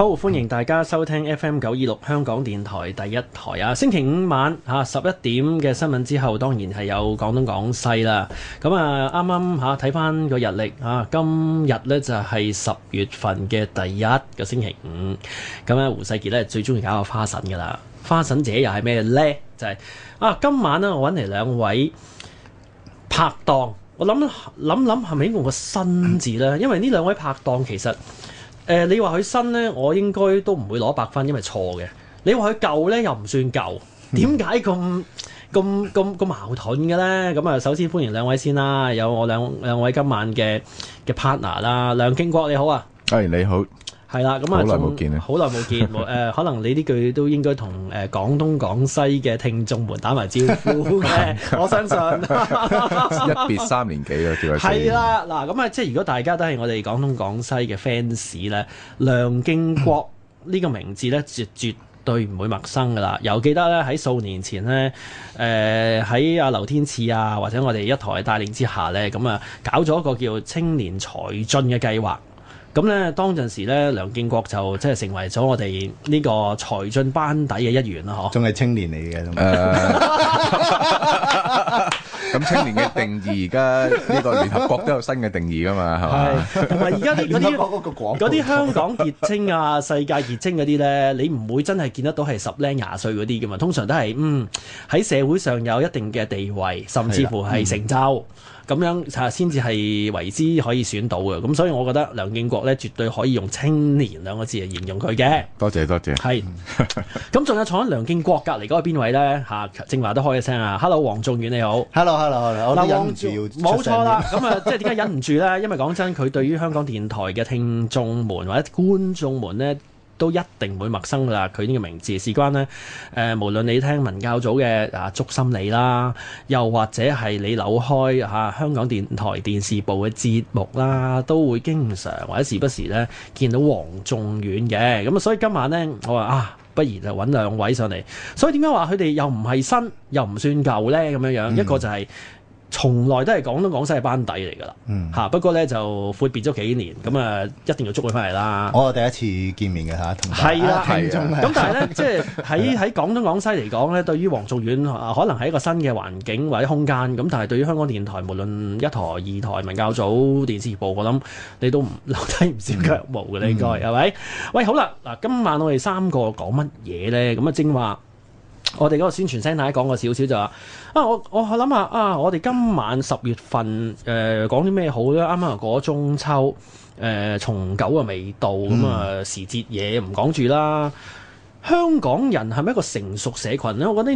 好，歡迎大家收聽 FM 九二六香港電台第一台啊！星期五晚啊，十一點嘅新聞之後，當然係有講東講西啦。咁啊，啱啱吓睇翻個日曆啊，今日呢，就係、是、十月份嘅第一個星期五。咁、啊、咧，胡世傑呢，最中意搞個花神噶啦，花神姐又係咩呢？就係、是、啊，今晚呢，我揾嚟兩位拍檔，我諗諗諗，係咪用個新字呢？因為呢兩位拍檔其實。誒、呃，你話佢新呢，我應該都唔會攞百分，因為錯嘅。你話佢舊呢，又唔算舊。點解咁咁咁個矛盾嘅呢？咁啊，首先歡迎兩位先啦，有我兩兩位今晚嘅嘅 partner 啦，梁敬國你好啊，誒、hey, 你好。係啦，咁啊，好耐冇見，好耐冇見，誒、 呃，可能你呢句都應該同誒、呃、廣東廣西嘅聽眾們打埋招呼嘅， 我相信。 一別三年幾啊，叫係。係啦，嗱，咁啊，即係如果大家都係我哋廣東廣西嘅 fans 咧，梁敬國呢個名字咧，絕絕對唔會陌生㗎啦。又記得咧，喺數年前咧，誒喺阿劉天賜啊，或者我哋一台帶領之下咧，咁啊，搞咗一個叫青年才俊嘅計劃。咁咧，當陣時咧，梁敬國就即係成為咗我哋呢個才俊班底嘅一員啦，嗬！仲係青年嚟嘅，咁青年嘅定義而家呢個聯合國都有新嘅定義噶嘛，係咪？同埋而家啲嗰啲嗰啲香港傑青啊、世界傑青嗰啲咧，你唔會真係見得到係十零廿歲嗰啲噶嘛？通常都係嗯喺社會上有一定嘅地位，甚至乎係成就。咁樣先至係為之可以選到嘅，咁所以我覺得梁敬國咧，絕對可以用青年兩個字嚟形容佢嘅。多謝多謝。係，咁 仲有坐喺梁敬國隔離嗰個邊位呢？嚇、啊，正話都開一聲啊 ！Hello，黃仲遠你好。Hello，Hello，Hello。我都忍唔住要出聲。冇錯啦，咁啊，即係點解忍唔住呢？ 因為講真，佢對於香港電台嘅聽眾們或者觀眾們呢，都一定會陌生㗎啦，佢呢個名字事關呢，誒，無論你聽文教組嘅啊祝心理啦，又或者係你扭開嚇香港電台電視部嘅節目啦，都會經常或者時不時呢見到黃仲遠嘅。咁所以今晚呢，我話啊，不如就揾兩位上嚟。所以點解話佢哋又唔係新，又唔算舊呢？咁樣樣一個就係、是。從來都係廣東廣西嘅班底嚟㗎啦，嚇、嗯！不過咧就闊別咗幾年，咁啊一定要捉佢翻嚟啦。我第一次見面嘅嚇，同你係啦，係咁、啊、但係咧， 即係喺喺廣東廣西嚟講咧，對於黃續遠啊，可能喺一個新嘅環境或者空間，咁但係對於香港電台，無論一台、二台、文教組、電視部，我諗你都唔留低唔少腳毛嘅，嗯、你應該係咪、嗯？喂，好啦，嗱，今晚我哋三個講乜嘢咧？咁啊，正話。我哋嗰個宣傳聲帶講過少少就話啊，我我諗下啊，我哋今晚十月份誒講啲咩好咧？啱啱過咗中秋誒，重九啊未到，咁啊時節嘢唔講住啦。香港人係咪一個成熟社群咧？我覺得。